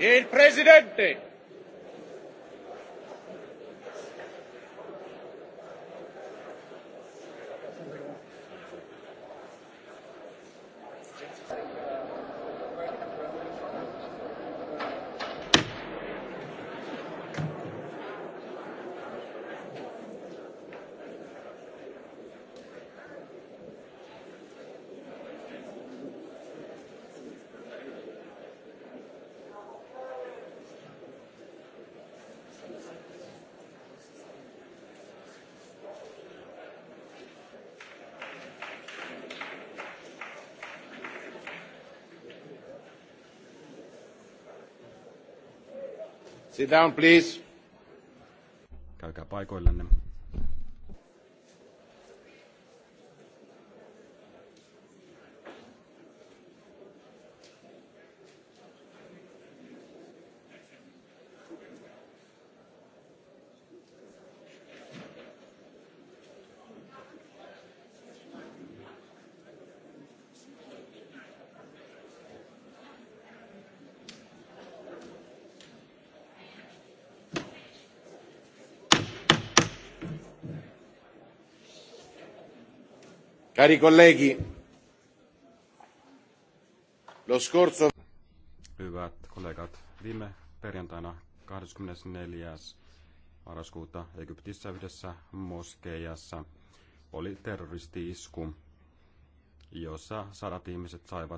Il presidente Sit down, please. Käykää paikoillenne. Cari colleghi, lo scorso... Hyvät kollegat, viime perjantaina 24. marraskuuta Egyptissä yhdessä moskeijassa oli terroristi-isku, jossa sadat ihmiset saivat